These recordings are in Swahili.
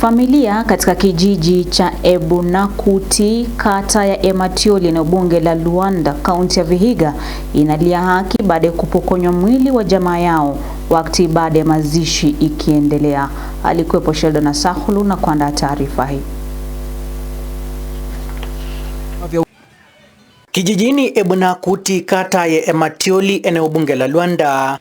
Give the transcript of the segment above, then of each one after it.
Familia katika kijiji cha Ebunakuti kata ya Ematioli eneo bunge la Luanda kaunti ya Vihiga inalia haki baada ya kupokonywa mwili wa jamaa yao wakati baada ya mazishi ikiendelea. Alikuwepo Sheldon Asahulu na kuandaa taarifa hii. Kijijini Ebunakuti kata ya Ematioli eneo bunge la Luanda,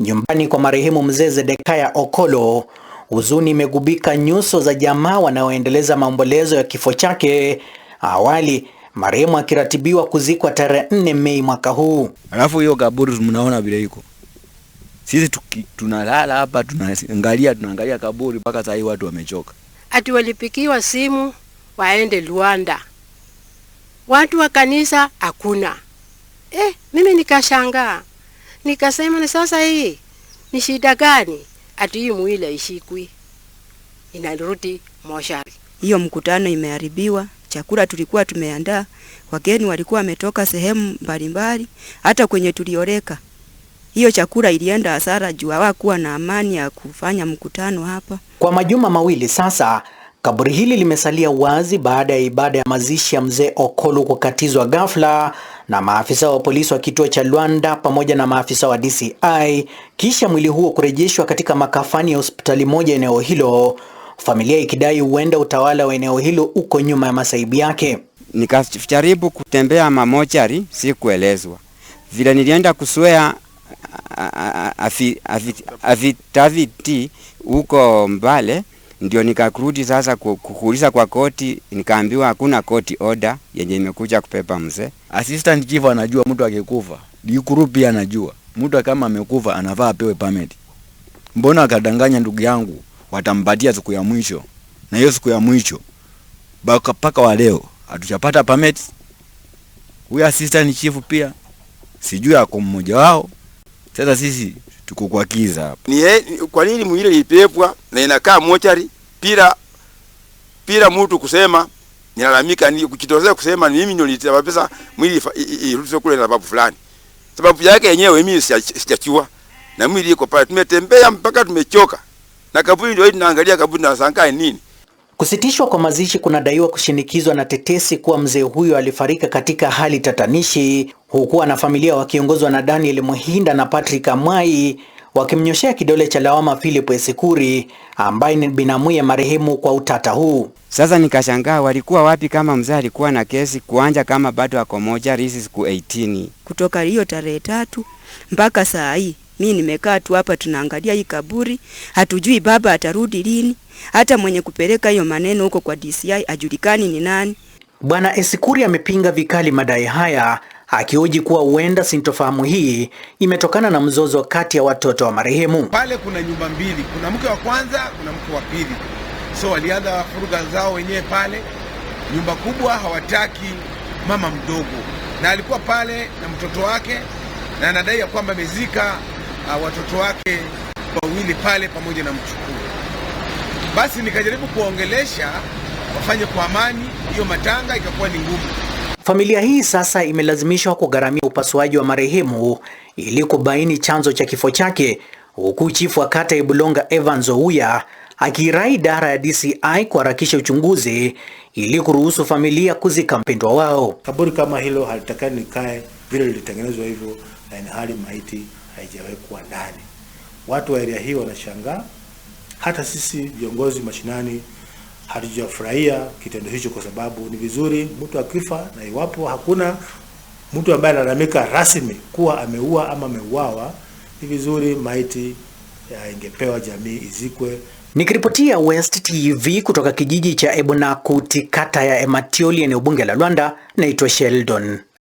nyumbani kwa marehemu mzee Zedekaya Okolo Huzuni imegubika nyuso za jamaa wanaoendeleza maombolezo ya kifo chake. Awali marehemu akiratibiwa kuzikwa tarehe 4 Mei mwaka huu. Alafu hiyo kaburi mnaona vile iko, sisi tunalala hapa tunaangalia tunaangalia kaburi mpaka saa hii watu wamechoka. Ati walipikiwa simu waende Luanda, watu wa kanisa hakuna. Eh, mimi nikashangaa nikasema, ni sasa hii ni shida gani? ati hii mwili inarudi moshari. Hiyo mkutano imeharibiwa, chakula tulikuwa tumeandaa, wageni walikuwa wametoka sehemu mbalimbali, hata kwenye tulioreka hiyo chakula ilienda hasara juu hawakuwa na amani ya kufanya mkutano hapa kwa majuma mawili sasa. Kaburi hili limesalia wazi baada ya ibada ya mazishi ya mzee Okolo kukatizwa ghafla na maafisa wa polisi wa kituo cha Luanda pamoja na maafisa wa DCI, kisha mwili huo kurejeshwa katika makafani ya hospitali moja eneo hilo, familia ikidai huenda utawala wa eneo hilo uko nyuma ya masaibu yake. Nikajaribu kutembea mamochari, si kuelezwa vile nilienda kuswea avitaviti huko Mbale ndio nikakurudi sasa kuuliza kwa koti, nikaambiwa hakuna koti oda yenye imekuja kupepa mzee. Assistant chief anajua mtu akikufa, dikuru pia anajua mtu kama amekufa anafaa apewe permit. Mbona akadanganya ndugu yangu, watampatia siku ya mwisho, na hiyo siku ya mwisho baka paka wa leo hatujapata permit. Huyu assistant chief pia sijui ako mmoja wao. Sasa sisi tuko kwa giza hapa. Ni kwa nini mwili ilipepwa na inakaa mochari pira pira mtu kusema nilalamika ni kujitolea kusema ni mimi ndio nitababisa mwili irudishwe kule na sababu fulani. Sababu yake yenyewe mimi sijachua na mwili iko pale, tumetembea mpaka tumechoka, na kaburi ndio hii tunaangalia kaburi na sangai nini Kusitishwa kwa mazishi kunadaiwa kushinikizwa na tetesi kuwa mzee huyo alifarika katika hali tatanishi, huku wanafamilia wakiongozwa na Daniel Muhinda na Patrick Amwai wakimnyoshea kidole cha lawama Philip Esikuri ambaye ni binamuye marehemu kwa utata huu. Sasa nikashangaa walikuwa wapi kama mzee alikuwa na kesi kuanja kama bado ako moja risi siku 18 kutoka hiyo tarehe tatu mpaka saa hii mi nimekaa tu hapa tunaangalia hii kaburi, hatujui baba atarudi lini. Hata mwenye kupeleka hiyo maneno huko kwa DCI ajulikani ni nani. Bwana Esikuri amepinga vikali madai haya akihoji kuwa huenda sintofahamu hii imetokana na mzozo kati ya watoto wa marehemu. Pale kuna nyumba mbili, kuna mke wa kwanza, kuna mke wa pili, so walianza furuga zao wenyewe pale. Nyumba kubwa hawataki mama mdogo, na alikuwa pale na mtoto wake, na anadai ya kwamba amezika Uh, watoto wake wawili pale pamoja na mchukuu. Basi nikajaribu kuongelesha wafanye kwa amani, hiyo matanga ikakuwa ni ngumu. Familia hii sasa imelazimishwa kugharamia upasuaji wa marehemu ili kubaini chanzo cha kifo chake, huku chifu wa kata ya Ibulonga Evans Ouya akirai idara ya DCI kuharakisha uchunguzi ili kuruhusu familia kuzika mpendwa wao. Kaburi kama hilo halitakani likae vile lilitengenezwa hivyo, na hali maiti haijawekwa ndani. Watu wa area hii wanashangaa, hata sisi viongozi mashinani hatujafurahia kitendo hicho, kwa sababu ni vizuri mtu akifa, na iwapo hakuna mtu ambaye analalamika rasmi kuwa ameua ama ameuawa, ni vizuri maiti eh, ingepewa jamii izikwe. Nikiripotia West TV kutoka kijiji cha Ebona kata ya Ematioli, eneo bunge la Luanda, naitwa Sheldon.